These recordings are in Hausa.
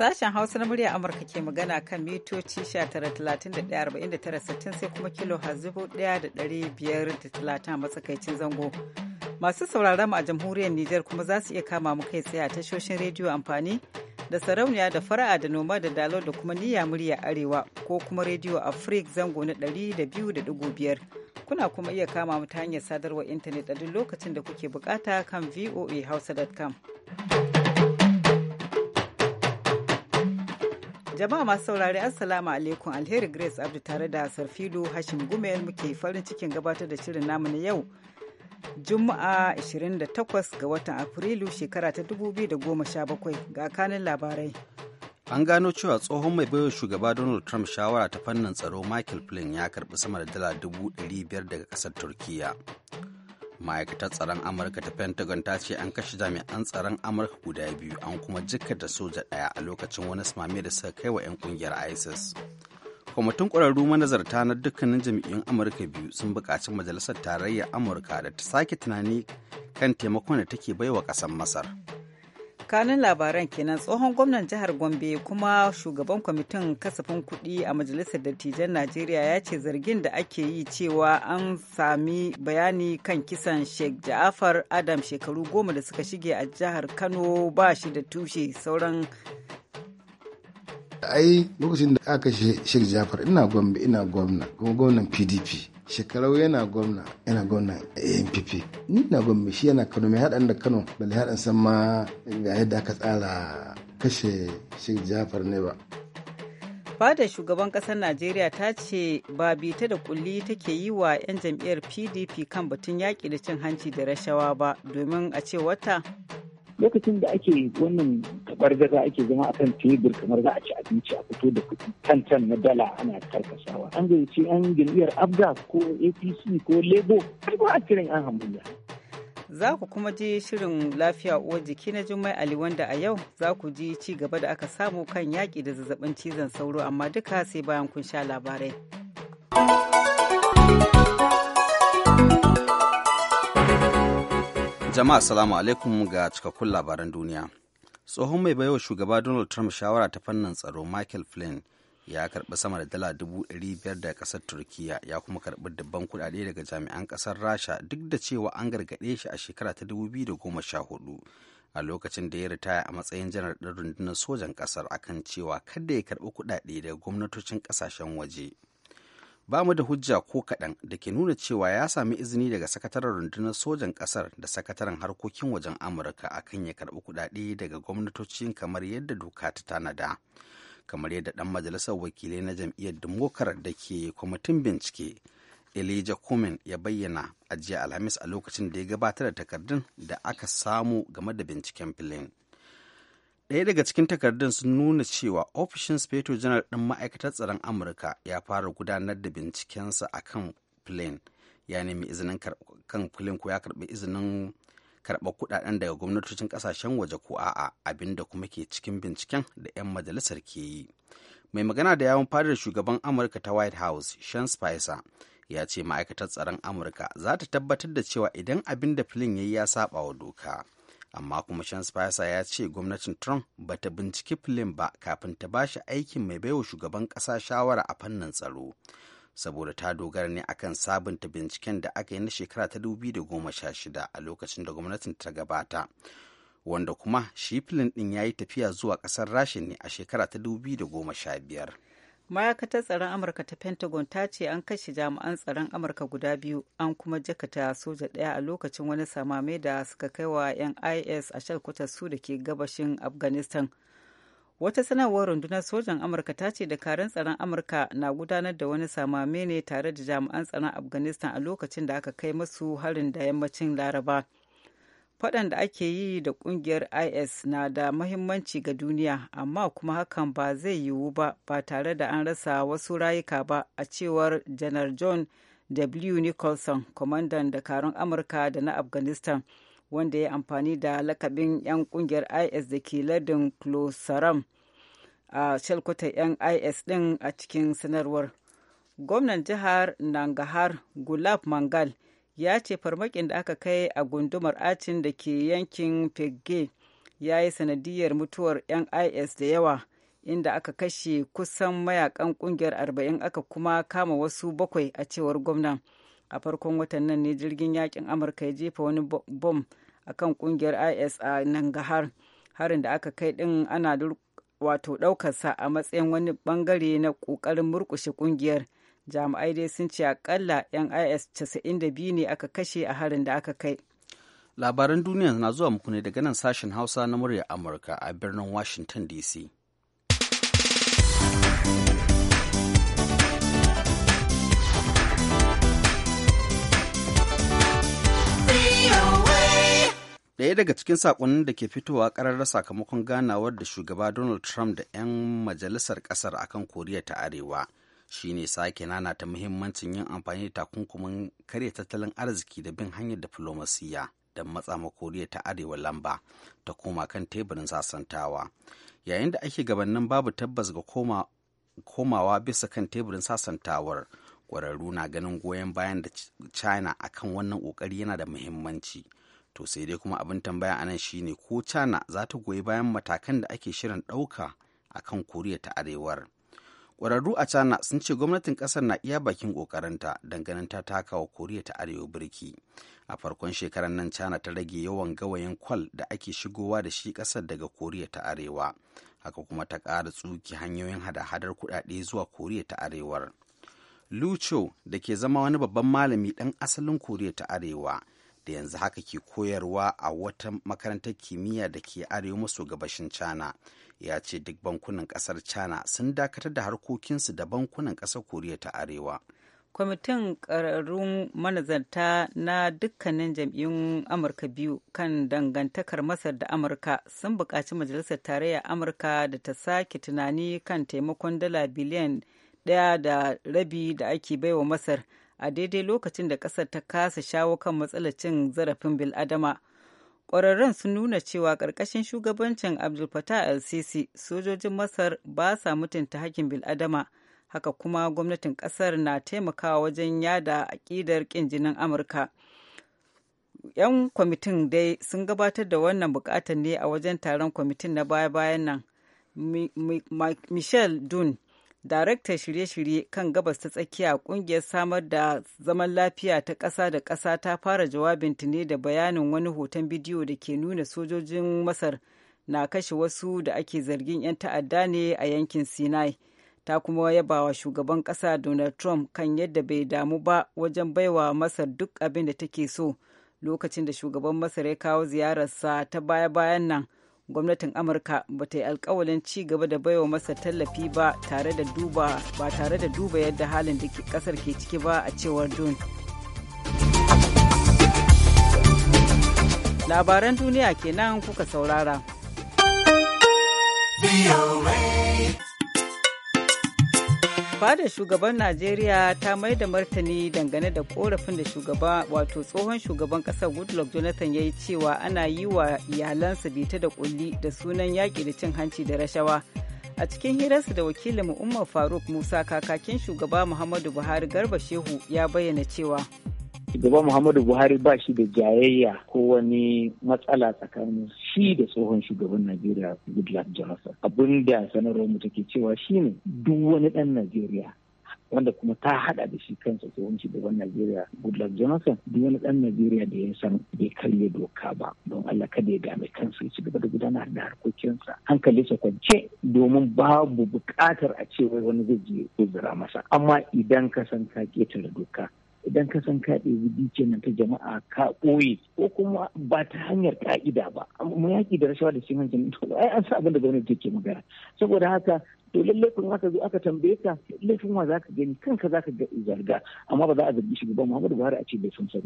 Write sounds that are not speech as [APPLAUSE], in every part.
Sashen Hausa na murya Amurka ke magana kan mitoci 19,31,49,60 sai kuma kilo hazubu 1,530 a matsakaicin zango. Masu sauraron mu a jamhuriyar Nijar kuma za su iya kama mu kai tsaye a tashoshin rediyo amfani da sarauniya da fara'a da noma da dalo da kuma niyya murya arewa ko kuma rediyo afrik zango na 200.5 kuna kuma iya kama mu ta hanyar sadarwar intanet a duk lokacin da kuke bukata kan voa voahausa.com. Jama'a masu saurari Assalamu alaikum Alheri Grace Abdu tare da sarfido Hashim Gumel muke farin cikin gabatar da shirin namu na yau. Juma'a 28 ga watan Afrilu shekara ta 2017 ga kanin labarai. An gano cewa tsohon mai baiwa shugaba Donald Trump shawara ta fannin tsaro Michael Flynn ya karbi sama da dala 500 daga kasar Turkiyya. ma'aikatar tsaron amurka ta pentagon ta ce an kashe jami'an tsaron amurka guda biyu an kuma da soja ɗaya a lokacin wani samami da suka kai wa 'yan kungiyar isis kwamitin ƙwararru manazarta na dukkanin jami'in amurka biyu sun buƙaci majalisar tarayyar amurka da ta sake tunani kan taimakon da take baiwa ƙasar masar tsakanin labaran kenan tsohon gwamnan jihar gombe kuma shugaban kwamitin kasafin kuɗi a majalisar dattijan najeriya ya ce zargin da ake yi cewa an sami bayani kan kisan sheikh ja'afar adam shekaru goma da suka shige a jihar kano ba shi da tushe sauran ai lokacin da aka sheikh ja'afar ina gombe ina gwamna kuma gwamnan pdp shekarau yana gwamna yana gwamna npp ni na gwamna shi yana kano mai haɗan da kano balle haɗan san ma ga yadda aka tsara kashe shi jafar ne ba fadar shugaban kasar najeriya ta ce ba bita da kulli take yi wa 'yan jam'iyyar pdp kan batun yaƙi da cin hanci da rashawa ba domin a ce wata lokacin da ake wannan kabar gaza ake zama a kan tebur kamar za a ci abinci a fito da kuɗi tantan na dala ana karkasawa an gayyaci an jam'iyyar abga ko apc ko lebo har ba a kiran yan hamayya za ku kuma ji shirin lafiya uwar jiki na jummai ali wanda a yau za ku ji ci gaba da aka samu kan yaƙi da zazzabin cizon sauro amma duka sai bayan kun sha labarai. Jama'a assalamu alaikum ga cikakkun labaran duniya. Tsohon mai baiwa shugaba Donald Trump shawara ta fannin tsaro Michael Flynn ya karbi sama da dala dubu ɗari biyar daga kasar Turkiya ya kuma karbi dabban kudade daga jami'an kasar Rasha duk da cewa an gargaɗe shi a shekara ta dubu biyu da goma sha hudu a lokacin da ya ritaya a matsayin janar ɗin rundunar sojan ƙasar akan cewa kada ya karɓi kuɗaɗe daga gwamnatocin ƙasashen waje. ba mu da hujja ko kaɗan da ke nuna cewa ya sami izini daga sakataren rundunar sojan ƙasar da sakataren harkokin wajen amurka akan ya karɓi kuɗaɗe daga gwamnatocin kamar yadda doka ta tanada kamar yadda ɗan majalisar wakilai na jam'iyyar dimokar da ke kwamitin bincike elijah Cumming ya bayyana a jiya alhamis a lokacin da ya gabatar da takardun da aka samu game da binciken filin. daya daga cikin takardun sun nuna cewa ofishin speto janar ɗin ma'aikatar tsaron amurka ya fara gudanar da bincikensa a kan plane ya nemi izinin kan filin ko ya karbi izinin karɓar kuɗaɗen daga gwamnatocin ƙasashen waje ko a'a abinda kuma ke cikin binciken da 'yan majalisar ke yi mai magana da yawon fadar shugaban amurka ta white house shan spicer ya ce ma'aikatar tsaron amurka za ta tabbatar da cewa idan abin da filin ya yi ya saba wa doka amma kuma shan spicer ya ce gwamnatin trump ba ta binciki flynn ba kafin ta ba shi aikin mai baiwa shugaban ƙasa shawara a fannin tsaro saboda ta dogara ne akan sabunta binciken da aka yi na shekara ta shida a lokacin da gwamnatin ta gabata wanda kuma shi filin ɗin ya yi tafiya zuwa ƙasar rashin ne a shekara ta biyar. ma'aikatar tsaron amurka ta pentagon ta ce an kashe jami'an tsaron amurka guda biyu an kuma jakata soja daya a lokacin wani samame da suka kai wa 'yan is a shalkutar su da ke gabashin afghanistan wata sanarwar rundunar sojan amurka ta ce dakarun tsaron amurka na gudanar da wani samame ne tare da jami'an tsaron afghanistan a lokacin da aka kai masu harin da yammacin laraba faɗan da ake yi da ƙungiyar is na da mahimmanci ga duniya amma kuma hakan ba zai yiwu ba ba tare da an rasa wasu rayuka ba a cewar janar john w nicholson kwamandan dakarun amurka da na afghanistan wanda ya amfani da lakabin 'yan ƙungiyar is da ke lardin klosaram a shalkutan 'yan is din a cikin sanarwar gwamnan jihar nangahar gulab mangal ya ce farmakin da aka kai a gundumar acin da ke yankin pege ya yi sanadiyar mutuwar 'yan is da yawa inda aka kashe kusan mayakan kungiyar arba'in aka kuma kama wasu bakwai a cewar gwamna a farkon watan nan ne jirgin yakin amurka ya jefa wani bom a kan kungiyar is a nangahar harin da aka kai din ana wato daukarsa a matsayin wani bangare na kokarin murkushe kungiyar jami'ai dai sun ce akalla yan is 92 ne aka kashe a harin da aka kai labaran duniya na zuwa muku ne daga nan sashen hausa na muryar amurka a birnin washington dc Ɗaya daga cikin saƙonnin da ke fitowa ƙararra sakamakon ganawar da shugaba Donald Trump da 'yan majalisar ƙasar akan Koriya ta Arewa shine sake ta muhimmancin yin amfani da takunkumin karya tattalin arziki da bin hanyar diflomasiyya da matsa koriya ta arewa lamba ta koma kan teburin sasantawa yayin da ake gabanin babu tabbas ga komawa bisa kan teburin sasantawar kwararru na ganin goyon bayan da china akan wannan kokari yana da muhimmanci to sai dai kuma abin tambaya anan shine ko china za ta goyi bayan matakan da ake shirin ɗauka akan koriya ta arewar kwararru a China sun ce gwamnatin ƙasar na iya bakin ƙoƙarinta ganin ta taka wa Koriya ta Arewa birki. A farkon shekarar nan China ta rage yawan gawayin kwal da ake shigowa da shi ƙasar daga Koriya ta Arewa. Haka kuma ta ƙara tsuki hanyoyin hada-hadar kuɗaɗe zuwa Koriya ta Arewar. Lucho da ke zama wani babban malami ɗan asalin Koriya ta Arewa da yanzu haka ke koyarwa a wata makarantar kimiyya da ke arewa maso gabashin China. Ya ce duk bankunan kasar China sun dakatar da harkokinsu da bankunan ƙasar Koriya ta Arewa. kwamitin ƙararrun manazarta na dukkanin jam'iyyun amurka biyu kan dangantakar masar da amurka sun buƙaci majalisar tarayya amurka da ta sake tunani kan taimakon dala biliyan ɗaya da rabi da ake baiwa masar a daidai lokacin da ƙasar ta kasa shawo kan matsalar cin zarafin bil'adama. Ƙwararren sun nuna cewa ƙarƙashin shugabancin Abdul Fattah al sisi sojojin Masar ba sa mutunta hakkin bil'adama. Haka kuma gwamnatin ƙasar na taimakawa wajen yada aƙidar ƙin jinin Amurka. 'Yan kwamitin dai sun gabatar da wannan bukatar ne a wajen taron kwamitin na baya-bayan nan. Michel Dun daraktar shirye-shirye kan gabas ta tsakiya kungiyar samar da zaman lafiya ta ƙasa da ƙasa ta fara jawabinta ne da bayanin wani hoton bidiyo da ke nuna sojojin masar na kashe wasu da ake zargin 'yan ta'adda ne a yankin sinai ta kuma yabawa shugaban ƙasa donald trump kan yadda bai damu ba wajen baiwa masar duk abin da take so lokacin da shugaban masar ya kawo ziyararsa ta baya-bayan nan gwamnatin amurka ba ta yi alkawalin ci gaba da baiwa masa tallafi ba tare da duba ba tare da duba yadda halin da kasar ke ciki ba a cewar dun labaran duniya kenan kuka saurara. fadar shugaban najeriya ta mai da martani dangane da korafin da shugaba wato tsohon shugaban kasar goodluck jonathan ya yi cewa ana yi wa iyalansa bita da kulli da sunan yaƙi da cin hanci da rashawa a cikin hirarsa da wakilin umar faruk musa kakakin shugaba muhammadu buhari garba shehu ya bayyana cewa Shugaba Muhammadu Buhari ba shi da jayayya ko wani matsala tsakanin shi da tsohon shugaban Najeriya Goodluck Jonathan. Abin da sanarwar mu take cewa shine duk wani ɗan Najeriya wanda kuma ta haɗa da shi kansa tsohon shugaban Najeriya Goodluck Jonathan duk wani ɗan Najeriya da ya san bai karya doka ba don Allah kada ya game kansa ya ci gaba da gudanar da harkokinsa hankalinsa kwance domin babu buƙatar a ce wani zai je zira masa amma idan ka san ka ketare doka idan ka san ka ɗebi nan ta jama'a ka ɓoye ko kuma ba ta hanyar ka'ida ba mu yaƙi da rashawa da cin hancin to ai an sa abin da gwamnati take magana saboda haka to lallai kun aka zo aka tambaye ka laifin wa zaka gani kanka zaka ga zarga amma ba za a zargi shugaban Muhammadu Buhari a ce laifin sa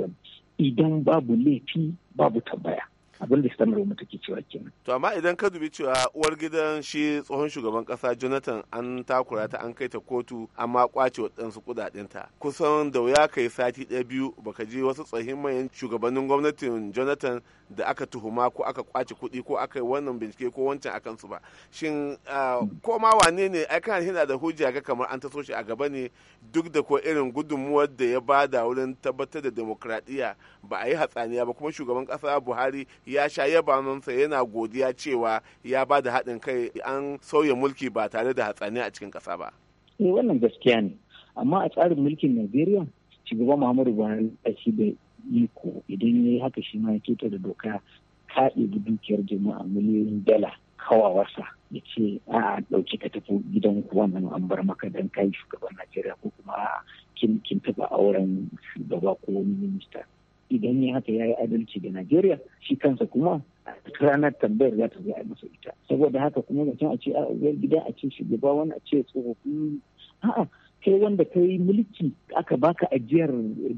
idan babu laifi babu tambaya abin da Stammer mu take cewa kenan. To amma idan ka dubi cewa uwar gidan shi tsohon shugaban kasa Jonathan an takura ta an kai ta kotu amma kwace waɗansu kudaden ta. Kusan da wuya kai sati ɗaya biyu baka je wasu tsohin mayan shugabannin gwamnatin Jonathan da aka tuhuma ko aka kwace kuɗi ko aka yi wannan bincike ko wancan a kansu ba. Shin ah, ko ma wane ne ai kana hina da hujja ga kamar an taso shi a gaba ne duk da ko irin gudunmuwar da ya bada wurin tabbatar da demokradiyya ba a yi hatsaniya ba kuma shugaban kasa Buhari ya sha yabanonsa yana godiya cewa ya ba da haɗin kai an sauya mulki ba tare da hatsani a cikin ƙasa ba. Eh wannan gaskiya ne amma a tsarin mulkin Najeriya shugaba Muhammadu Buhari a shi da iko idan ya yi haka shi ma ya keta da doka ka ɗebi dukiyar jama'a miliyoyin dala kawawarsa ya ce a ɗauki ka tafi gidan kuwa nan an bar maka don kai shugaban Najeriya ko kuma kin taɓa auren shugaba ko wani minista. idan ya haka ya yi adalci da najeriya shi kansa kuma ranar tambayar za ta zai a masa ita saboda haka kuma zancen a ce a uwar gida a ce shugaba wani a ce tsofaffin a'a kai wanda ka yi mulki aka baka ajiyar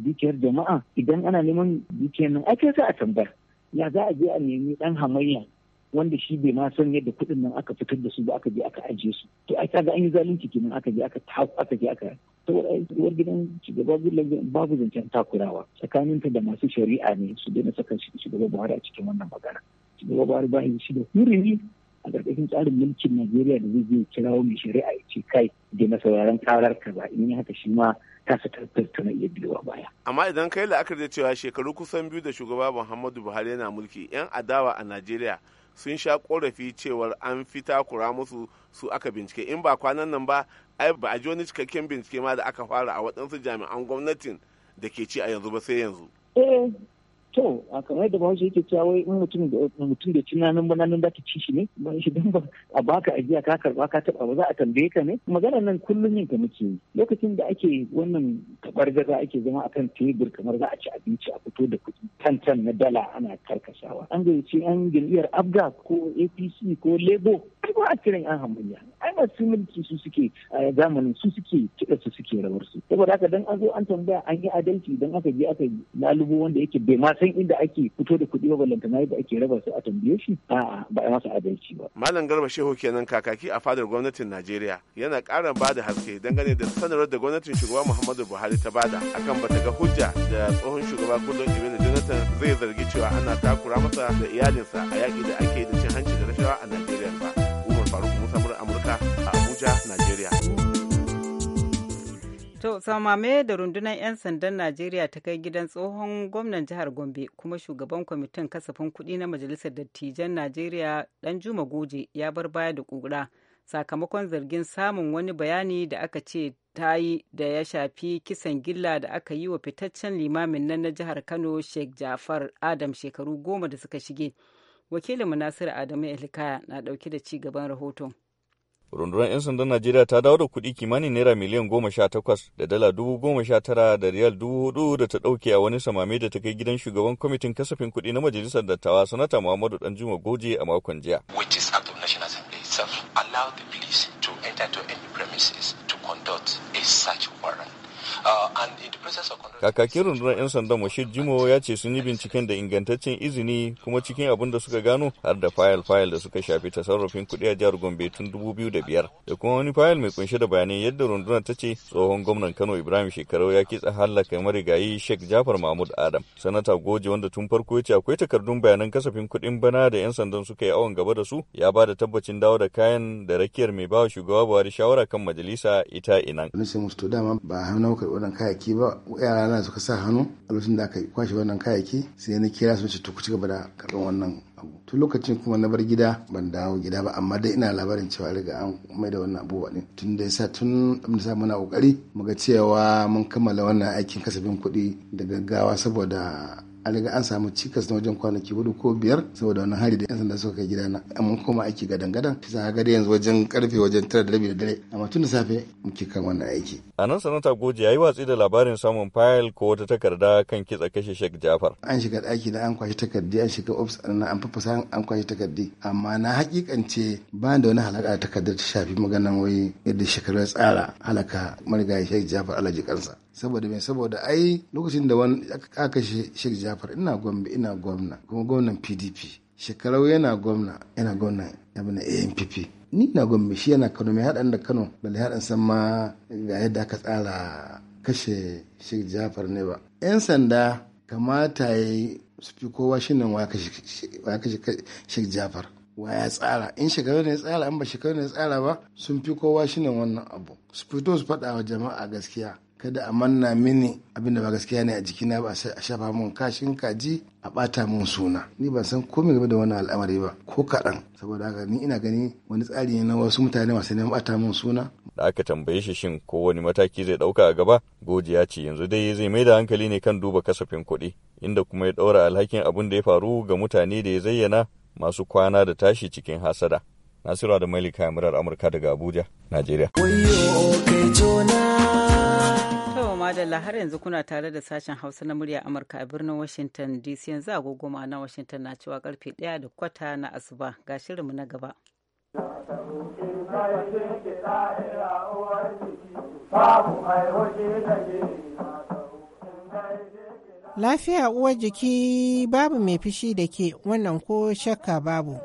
dukiyar jama'a idan ana neman dukiyar nan a za a tambaya ya za a je a nemi ɗan hamayya wanda shi bai ma san yadda kuɗin nan aka fitar da su ba aka je aka ajiye su to ai kaga an yi zalunci kenan aka je aka taku aka je aka saboda ai uwar gidan shugaba babu zancen takurawa tsakaninta da masu shari'a ne su daina saka shugaba Buhari a cikin wannan magana shugaba Buhari ba shi da hurumi a ƙarƙashin tsarin mulkin Najeriya da zai je kirawo mai shari'a ya ce kai da na sauraron karar ka ba in yi haka shi ma ta su tattauna iya biyowa baya. Amma idan kai la'akar da cewa shekaru kusan biyu da shugaba Muhammadu Buhari yana mulki 'yan adawa a Najeriya sun sha korafi cewar an fi takura musu su aka bincike in ba kwanan nan ba ai ba a ji wani cikakken bincike ma da aka fara a waɗansu jami'an gwamnatin da ke ci a yanzu ba sai yanzu. Eh, to a kamar da bahaushe yake cewa wai in mutum da mutum da tunanin bananin da ci shi ne ba shi dan ba a baka ajiya ka karba ka taba ba za a tambaye ka ne magana nan kullum yin ka muke yi lokacin da ake wannan gaza ake zama akan tebur kamar za a ci abinci a fito da kuɗi tantan na dala ana karkashawa an gayyaci an jam'iyyar abga ko apc ko lebo ai ba a kiran an hamayya ai ba su mulki su suke a zamanin su suke kiɗa su suke rawar su saboda haka dan an zo an tambaya an yi adalci don aka je aka lalubo wanda yake bai ma san inda ake fito da kuɗi ba yi ba ake raba su a tambaye shi a'a ba a masa adalci ba malam garba shehu kenan kakaki a fadar gwamnatin najeriya yana ƙara ba da haske dangane da sanarwar da gwamnatin shugaba muhammadu buhari ta bada akan bata ga hujja da tsohon shugaba kullum gudun ibn jonathan zai zargi cewa ana takura masa da iyalinsa a yaƙi da ake da cin hanci da rashawa a najeriya ba umar faruk musa amurka a abuja najeriya samame da rundunar 'yan sandan najeriya ta kai gidan tsohon gwamnan jihar gombe kuma shugaban kwamitin kasafin kuɗi na majalisar dattijan najeriya dan juma goje ya bar baya da ƙura sakamakon zargin samun wani bayani da aka ce ta yi da ya shafi kisan gilla da aka yi wa fitaccen limamin nan na jihar kano sheikh jafar adam shekaru goma da suka shige wakilin nasiru adamu elkaya na ɗauke da ci gaban rahoton rundunar 'yan sandan najeriya ta dawo da kuɗi kimanin naira miliyan goma sha takwas da dala dubu goma sha tara da riyal dubu hudu da ta ɗauke a wani samame da ta kai gidan shugaban kwamitin kasafin kuɗi na majalisar dattawa sanata muhammadu danjuma goje a makon jiya of to enter to any premises to conduct a search warrant Uh, Kakakin rundunar 'yan sandan Mashid Jimo ya ce sun yi binciken da ingantaccen izini kuma cikin abin da suka gano har da fayil-fayil da suka shafi tasarrufin kuɗi a jihar Gombe tun 2005 da kuma wani fayil mai kunshe da bayanai yadda rundunar ta ce tsohon gwamnan Kano Ibrahim Shekarau ya kitsa hallaka marigayi Sheikh Jafar Mahmud Adam. Sanata Goje wanda tun farko ya ce akwai takardun bayanan kasafin kuɗin bana da 'yan sandan suka yi awon gaba da su ya ba da tabbacin dawo da kayan da rakiyar mai bawa shugaba Buhari shawara kan majalisa ita inan. mu yi wannan kayaki ba yara na suka sa hannu a lokacin da aka kwashe wannan kayaki sai na kira su ce to ku ci da karɓar wannan abu tun lokacin kuma na bar gida ban dawo gida ba amma dai ina labarin cewa riga an mai da wannan abubuwa ne tun da yasa tun da sa muna kokari muga cewa mun kammala wannan aikin kasafin kuɗi da gaggawa saboda an riga an samu cikas na wajen kwanaki hudu ko biyar saboda wani hari da yan sanda suka kai gidana amma kuma aiki gadan gadan sai ga yanzu wajen karfe wajen tara da rabi da dare amma tun da safe muke kan wannan aiki a nan sanata goji yayi watsi da labarin samun fayil ko wata takarda kan kitsa kashe Sheikh Jafar an shiga daki da an kwashi takardi an shiga ofis an fafasa an kwashi takardi amma na hakikance ba da wani halaka takardar ta shafi maganan wai yadda shekaru ya tsara halaka marigayi Sheikh Jafar Alhaji kansa saboda me saboda ai lokacin da wani aka kashe Sheikh Jafar ina Gombe ina gwamna kuma gwamnan PDP shekarau yana gwamna yana gwamna abin ANPP ni na gwamna shi yana Kano mai haɗan da Kano balle haɗan san ma ga yadda aka tsara kashe Sheikh Jafar ne ba yan sanda kamata ya su fi kowa shi nan wa kashe Sheikh Jafar wa ya tsara in shekaru ne tsara in ba shekaru ne tsara ba sun fi kowa shi nan wannan abu su fito su faɗa wa jama'a gaskiya kada a manna mini abin da ba gaskiya ne a jikina ba a shafa mun kashin kaji a bata mun suna ni ban san komai game da wannan al'amari ba ko kaɗan saboda haka ni ina gani wani tsari ne na wasu mutane masu neman bata mun suna da aka tambaye shi shin ko wani mataki zai ɗauka a gaba goji ya ce yanzu dai zai mai da hankali ne kan duba kasafin kuɗi inda kuma ya ɗaura alhakin abin da ya faru ga mutane da ya zayyana masu kwana da tashi cikin hasada Nasiru da Malika Murar Amurka daga Abuja, Najeriya. madalla har yanzu kuna tare da sashen hausa na murya amurka a birnin washington dc yanzu agogo na washington na cewa karfe ɗaya da kwata na asuba ga shirinmu na gaba lafiya uwar jiki babu mai fishi da ke wannan ko shakka babu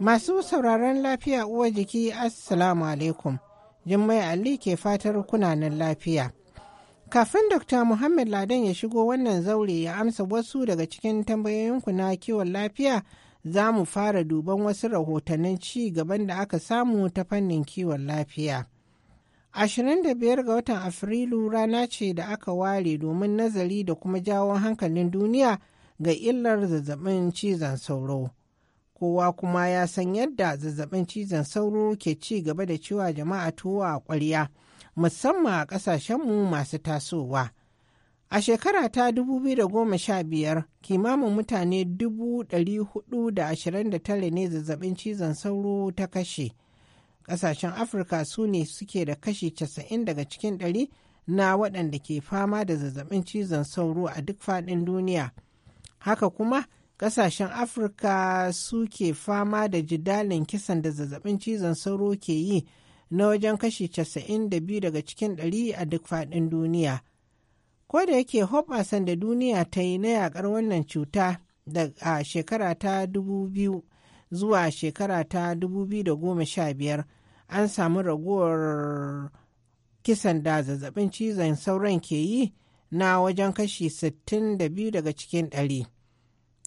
Masu sauraron lafiya uwa jiki Assalamu alaikum. Jummai Ali ke fatar kunanan lafiya. Kafin Dr. Muhammad Ladan ya shigo wannan zaure ya amsa wasu daga cikin tambayoyinku na kiwon lafiya za mu fara duban wasu rahotannin ci gaban da aka samu ta fannin kiwon lafiya. 25 ga watan Afrilu rana ce da aka ware domin nazari da kuma jawo hankalin duniya ga illar zazzabin cizon sauro. Kowa kuma ya san yadda zazzabin cizon sauro ke ci gaba da cewa jama'a tuwo a ƙwarya, musamman a ƙasashenmu masu tasowa. A shekara ta 2015 kimanin mutane 429 ne zazzabin cizon sauro ta kashe. Ƙasashen Afirka su ne suke da kashi 90 daga cikin ɗari na waɗanda ke fama da zazzabin cizon sauro a duk faɗin duniya. Haka kuma, ƙasashen Afirka su ke fama da jidalin kisan da zazzabin cizon sauro ke yi na wajen kashi 92 daga cikin ɗari a duk faɗin duniya. Ko da yake hoɓasan da duniya ta yi na yaƙar wannan cuta a shekara ta 2000 zuwa shekara ta 2015 an samu raguwar kisan da zazzabin cizon sauran ke yi na wajen kashi 62 daga cikin ɗari.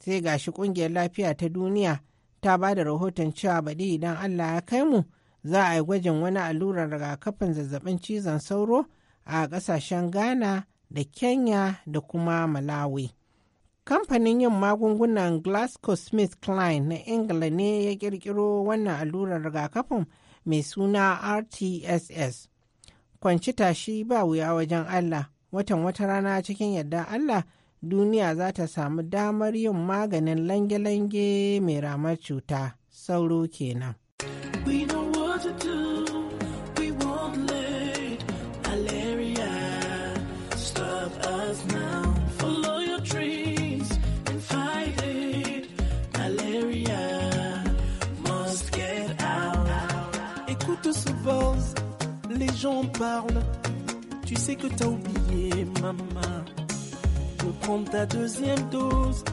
sai gashi ƙungiyar lafiya ta duniya ta ba da rahoton cewa baɗi idan allah ya kai mu za a yi gwajin wani allurar rigakafin zazzabin cizon sauro a ƙasashen ghana da kenya da kuma malawi kamfanin yin magungunan glasgow smith klein na ingila ne ya ƙirƙiro wannan allurar rigakafin mai suna rtss kwanci tashi ba wuya wajen allah watan wata rana cikin yadda allah duniya za ta samu damar yin maganin lange-lange mai ramar cuta sauro kenan. les gens parlent. Tu sais que t'as oublié, maman. De prendre ta deuxième dose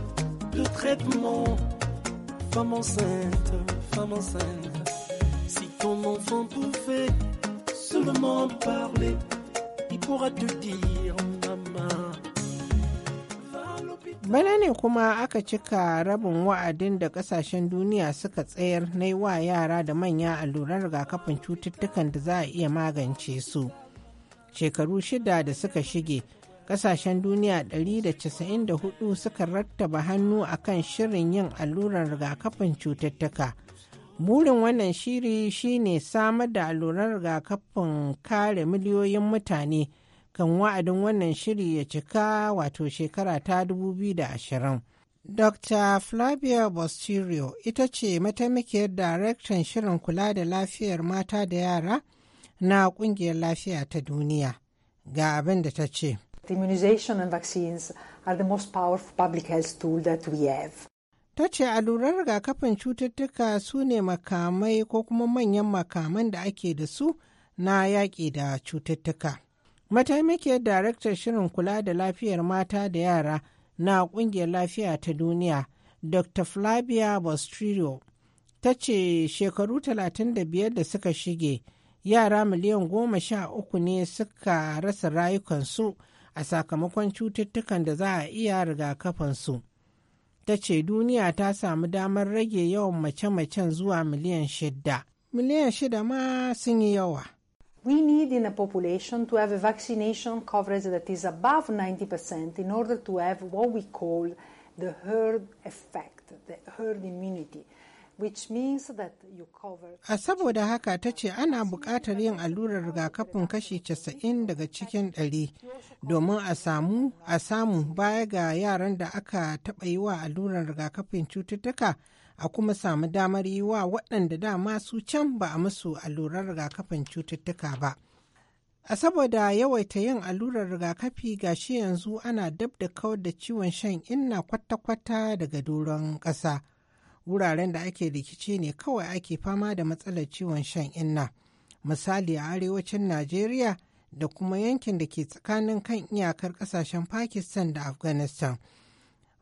de traitement. Femme enceinte, femme enceinte. Si ton enfant pouvait seulement parler, il pourra te dire bana ne kuma aka cika rabin wa'adin da kasashen duniya suka tsayar na yi wa yara da manya alluran rigakafin cututtukan da za a iya magance su shekaru shida da suka shige kasashen duniya 194 suka rattaba hannu a kan shirin yin alluran rigakafin cututtuka burin wannan shiri shine samar da alluran rigakafin kare miliyoyin mutane. kan wa'adin wannan shiri ya cika wato shekara ta 2020. Dr. Flavia Bostirio ita ce mataimakiyar daraktan shirin kula da lafiyar mata da yara na kungiyar lafiya ta duniya ga abin da ta ce. Immunization and vaccines are the most powerful public health tool that we have. Ta ce allurar rigakafin cututtuka su ne makamai ko kuma manyan makaman da ake da su na yaƙi da cututtuka. mataimakiyar daraktar shirin kula da lafiyar mata da yara na ƙungiyar lafiya ta duniya dr flavia bostrio ta ce shekaru 35 da suka shige yara miliyan goma sha uku ne suka rasa rayukansu a sakamakon cututtukan da za a iya rigakafinsu ta ce duniya ta samu damar rage yawan mace-macen zuwa miliyan shida miliyan shida ma sun yi yawa we need in a population to have a vaccination coverage that is above 90% in order to have what we call the herd effect, the herd immunity. Which means that you cover... A saboda haka ta ce ana buƙatar yin allurar rigakafin kashi 90 daga cikin 100 domin a samu a samu baya ga yaran da aka taɓa yi wa allurar rigakafin cututtuka a kuma samu damar yi wa waɗanda dama su can ba a musu allurar rigakafin cututtuka ba. A saboda yawaita yin allurar rigakafi gashi yanzu ana dab da kawar da ciwon shan inna kwata-kwata daga doron ƙasa. Wuraren da ake rikici ne kawai ake fama da matsalar ciwon shan inna. Misali a arewacin Najeriya da kuma yankin da ke tsakanin kan iyakar ƙasashen Pakistan da Afghanistan.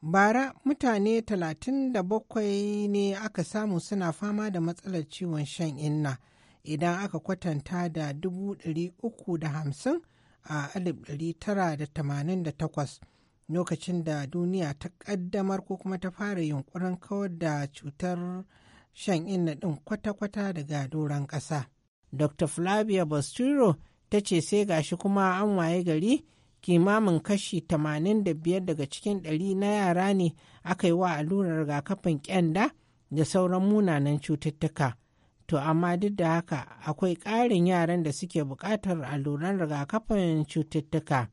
bara mutane 37 ne aka samu suna fama da matsalar ciwon shan inna idan aka kwatanta da 350 a 1988 lokacin da duniya ta kaddamar ko kuma ta fara yunkurin kawar da cutar shan inna ɗin kwata-kwata daga doron ƙasa. Dr. Flavia Basturo ta ce sai gashi kuma an waye gari kimamin kashi 85 daga cikin ɗari na yara ne aka yi wa allurar rigakafin kyanda da sauran munanan cututtuka. To amma duk da haka akwai ƙarin yaran da suke buƙatar alluran rigakafin cututtuka.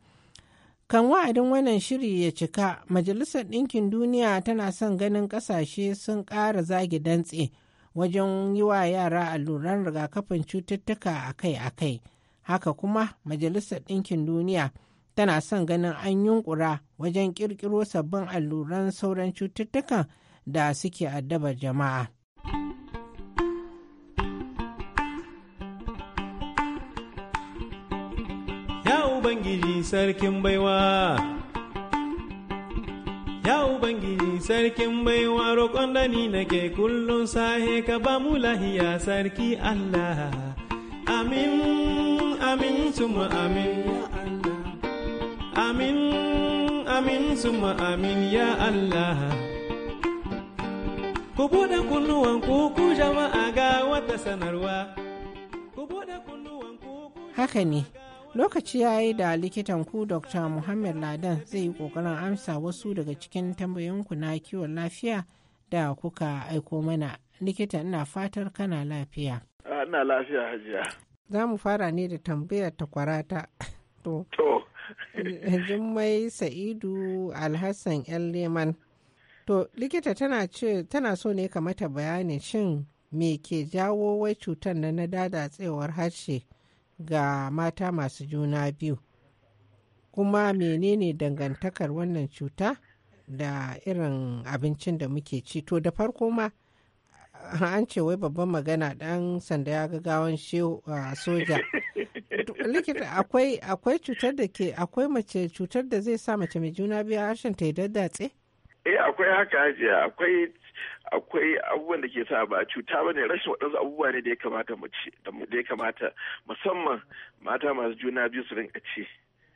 Kan wa'adin wannan shiri ya cika, Majalisar Ɗinkin Duniya tana son ganin ƙasashe sun ƙara zagi dantse wajen yi wa yara alluran rigakafin cututtuka akai-akai. Haka kuma Majalisar Ɗinkin Duniya. tana son ganin an yunkura wajen ƙirƙiro sabbin alluran sauran cututtukan da suke addabar jama'a. Ya Ubangiji sarkin baiwa Ya Ubangiji sarkin baiwa roƙon da ni nake kullum sahe ka ba mu lahiya sarki Allah. Amin, amin, suma amin. Amin, amin, suma amin ya Allah. Ku buɗe kunnuwanku ku jama'a ga wata sanarwa. Ku buɗe ku Haka ne, lokaci ya yi da likitan ku Dr. Muhammad Ladan zai yi ƙoƙarin amsa wasu daga cikin tambayanku na kiwon lafiya da kuka aiko mana. Likita ina fatar kana lafiya. Ah, ina lafiya hajiya. Za mu fara ne da tambayar takwarata. [LAUGHS] To. Jummai Sa'idu Alhassan ‘yan Leman. To, likita tana ce tana so ne ka mata bayanin shin me ke jawo wai cutar na na dadatsewar harshe ga mata masu juna biyu. Kuma menene dangantakar wannan cuta da irin abincin da muke ci. To, da farko ma, an ce wai babban magana ɗan sanda ya ga gawan soja likita akwai akwai cutar da ke akwai mace cutar da zai sa mace mai juna biyu harshen ta yi daddatse? Eh akwai haka hajiya akwai akwai abubuwan da ke sa ba cuta ba ne rashin waɗansu abubuwa ne da ya kamata mace da ya kamata musamman mata masu juna biyu su rinka ci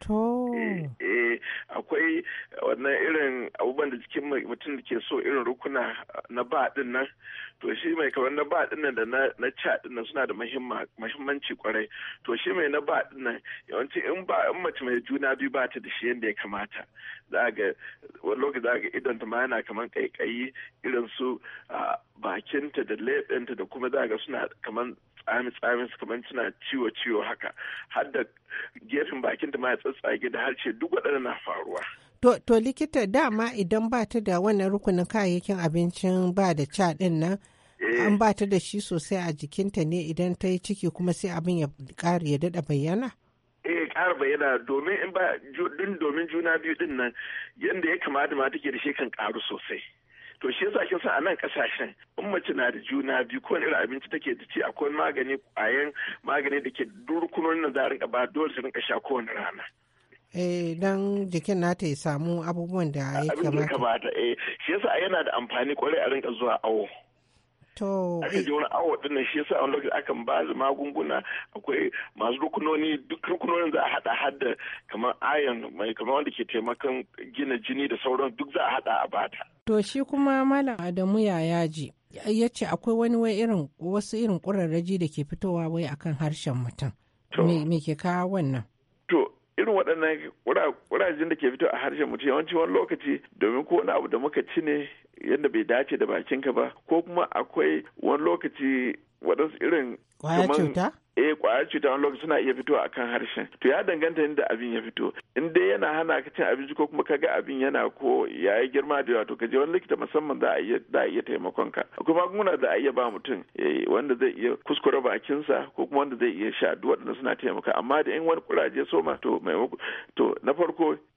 To. Eh, eh, akwai wannan irin abubuwan da jikin mutum da ke so irin rukuna na ba din nan. To shi mai kamar na ba din nan da na ca din nan suna da muhimmanci kwarai. To shi mai na ba din nan yawanci in ba in mace mai juna biyu ba ta da shi yadda ya kamata. Za ga wani lokaci za ga idon ta ma yana kamar kaikayi irin su ah, bakinta da leɓenta da kuma za ga suna kamar tsami su kamar suna ciwo ciwo haka har da gefen bakin da ma ya tsatsage da harshe duk waɗanda na faruwa To, likita dama idan ba ta da wannan rukunin kayayyakin abincin ba da ca ɗin nan, eh. an ba ta da shi sosai a jikinta ne idan ta yi ciki kuma sai abin ya ƙara ya daɗa bayyana? Eh, ƙara bayyana domin in ba domin juna biyu ɗin nan yadda ya kamata ma take da shi kan ƙaru sosai. to shi yasa kin san a nan kasashen in mace na da juna biyu ko irin abinci take da ci akwai magani kwayan magani da ke durkunonin nan za rinka ba dole su rinka sha kowane rana eh dan jikin nata ya samu abubuwan da ya kamata eh shi yasa yana da amfani kwarai a rinka zuwa awo To. Aka je eh. wani awa din shi yasa wani lokaci akan ba da magunguna akwai masu rukunoni duk rukunonin za a hada hada kamar ayon mai kamar wanda ke taimakon gina jini da sauran duk za a hada a bata. To shi kuma Malam Adamu ya yaji ya ce akwai wani wai irin wasu irin ƙurarraji da ke fitowa wai akan harshen mutum. Me ke kawo wannan? irin waɗannan ƙurajen da ke fito a harshen mutum yawanci wani lokaci domin ko wani abu da muka ci ne yadda bai dace da bakinka ba ko kuma akwai wani lokaci waɗansu irin kwaya cuta kwayar cuta wani lokaci suna iya fitowa kan harshen to ya danganta inda abin ya fito in dai yana hana ka cin abinci ko kuma kaga abin yana ko ya girma da yawa to ka je wani likita musamman za a iya za a iya taimakon ka akwai magunguna da a iya ba mutum eh, wanda zai iya kuskure bakinsa ko kuma wanda zai iya sha duk waɗanda suna taimaka amma da in wani kuraje soma to maimako to na farko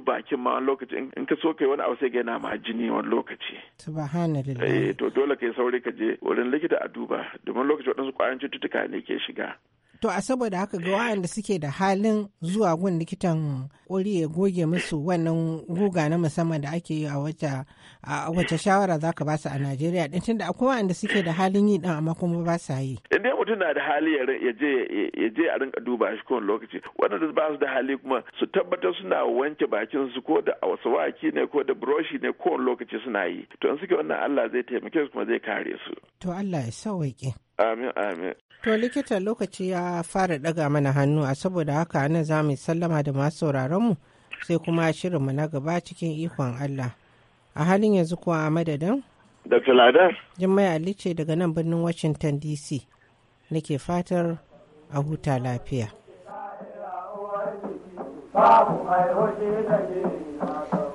duk bakin ma lokaci in ka so kai wani abu sai ga yana ma jini wani lokaci subhanallah eh to dole ka yi sauri ka je wurin likita a duba domin lokaci waɗansu ƙwayoyin cututtuka ne ke shiga To a saboda haka ga waɗanda suke da halin zuwa gun likitan ƙuri ya goge musu wannan guga na musamman da ake yi a wacce shawara za ka basu a Najeriya ɗin tunda akwai waɗanda suke da halin yi ɗan amma kuma ba sa yi. Idan mutum na da hali ya je a rinka duba shi kowane lokaci waɗanda ba su da hali kuma su tabbatar suna wanke bakin su ko da waki ne ko da buroshi ne kowane lokaci suna yi. To in suke wannan Allah zai taimake su kuma zai kare su. To Allah ya sawaike. Amin amin. To likita lokaci ya fara daga mana hannu a saboda haka ana za mu sallama da masu mu sai kuma shirin mu na gaba cikin ikon Allah. A halin yanzu kuwa a madadin? Da Filada. Jummai Ali ce daga nan birnin Washington DC. Nake fatar a huta lafiya. Babu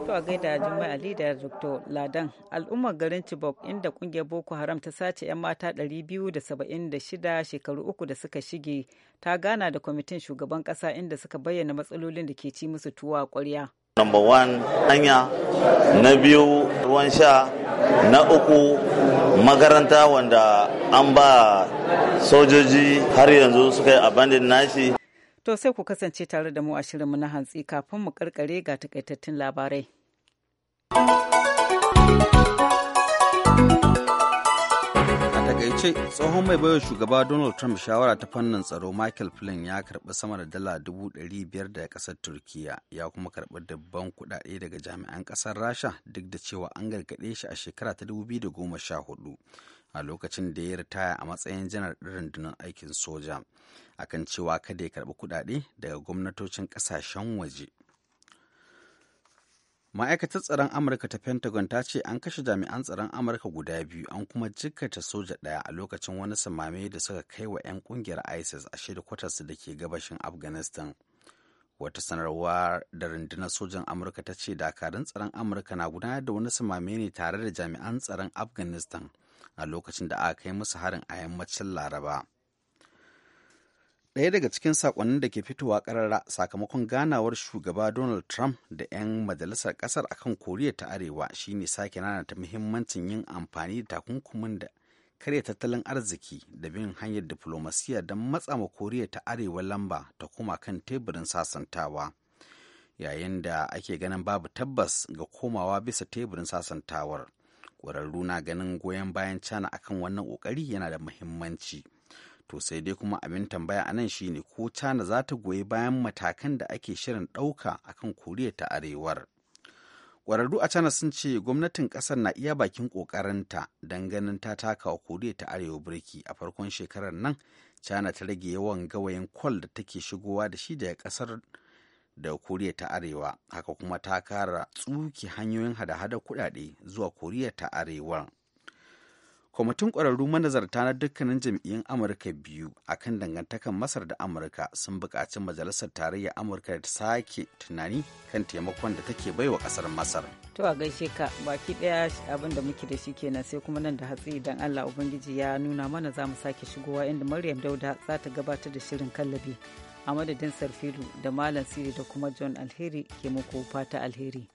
To a gaida Juma'a Ali da Dr. Ladan al'ummar garin Chibok inda kungiyar Boko Haram ta sace 'yan mata 276 shekaru uku da suka shige ta gana da kwamitin shugaban kasa inda suka bayyana matsalolin da ke ci musu tuwa kwarya. Number one hanya, na biyu ruwan sha, na uku makaranta wanda an ba sojoji har yanzu suka yi abandon nashi. To sai ku kasance tare da mu a shirin mu na hantsi kafin mu karkare ga takaitattun labarai. a takaice tsohon mai baiwa shugaba donald trump shawara ta fannin tsaro michael flynn ya karbi sama da dala biyar daga kasar turkiya ya kuma karbi dabban kudade daga jami'an kasar rasha duk da cewa an gargaɗe shi a shekara ta 2014 a lokacin da ya ritaya a matsayin janar rundunar aikin soja akan cewa kada ya karbi kudade daga gwamnatocin kasashen waje ma'aikatar tsaron amurka ta pentagon ta ce an kashe jami'an tsaron amurka guda biyu an kuma jikkata soja ɗaya a lokacin wani samame da suka kai wa 'yan kungiyar isis a shirin kwatarsu da ke gabashin afghanistan wata sanarwa da rundunar sojan amurka ta ce dakarun tsaron amurka na gudanar da wani samame ne tare da jami'an tsaron afghanistan a lokacin da aka kai musu harin a yammacin laraba ɗaya daga cikin sakonnin da ke fitowa karara sakamakon ganawar shugaba donald trump da 'yan majalisar ƙasar akan koriya ta arewa shine sake nanata muhimmancin yin amfani da takunkumin da karya tattalin arziki da bin hanyar diflomasiyya don matsama koriya ta arewa lamba ta koma kan teburin sasantawa yayin da ake ganin babu tabbas ga komawa bisa teburin sasantawar ƙwararru na ganin goyon bayan cana akan wannan ƙoƙari yana da muhimmanci. to sai dai kuma abin tambaya a nan shine ko china za ta goyi bayan matakan da ake shirin ɗauka kan koriya ta arewar ƙwararru a china sun ce gwamnatin ƙasar na iya bakin ƙoƙarinta don ganin ta taka wa koriya ta arewa birki a farkon shekarar nan china ta rage yawan gawayin kwal da take shigowa da shi daga ƙasar da koriya ta arewa haka kuma ta kara tsuki hanyoyin hada-hada kuɗaɗe zuwa koriya ta arewar kwamitin ƙwararru manazarta na dukkanin jam'iyyun amurka biyu akan dangantakan masar da amurka sun buƙaci majalisar tarayyar amurka da ta sake tunani kan taimakon da take baiwa ƙasar masar to a gaishe ka baki ɗaya abin da muke da shi kenan sai kuma nan da hatsi idan allah ubangiji ya nuna mana za mu sake shigowa inda maryam dauda za ta gabatar da shirin kallabi a madadin sarfilu da malam siri da kuma john alheri ke muku fata alheri